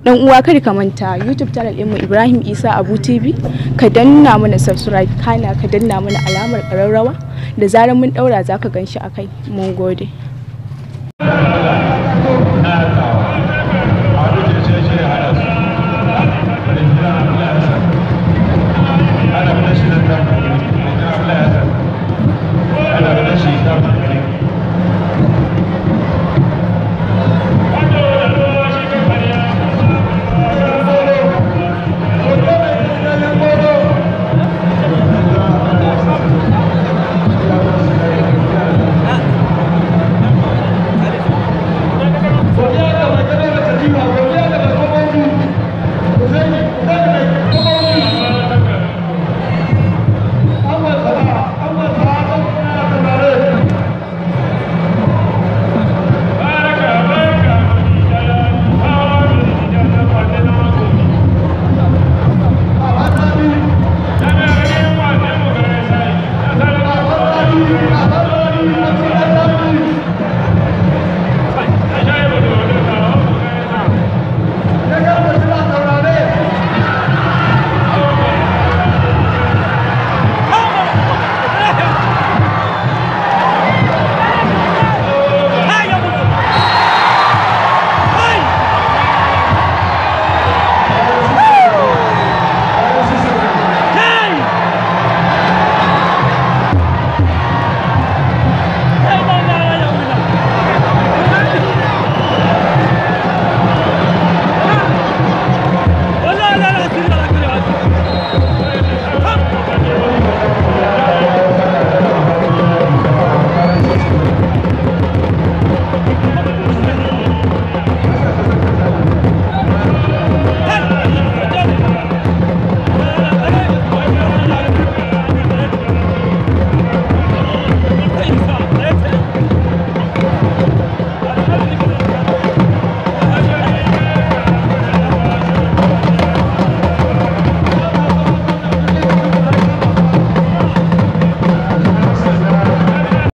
dan uwa kada ka manta youtube channel mu ibrahim isa abu tv ka danna mana subscribe kana ka danna mana alamar ƙararrawa da zarar mun ɗaura zaka ka gan shi a mun gode